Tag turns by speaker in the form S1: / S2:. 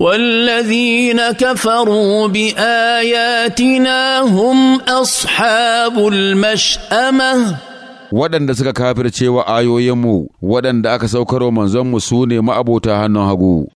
S1: والذين كفروا بآياتنا هم أصحاب المشأمة waɗanda suka kafirce wa
S2: ayoyinmu waɗanda aka saukarwa manzonmu su ne ma'abota hannun hagu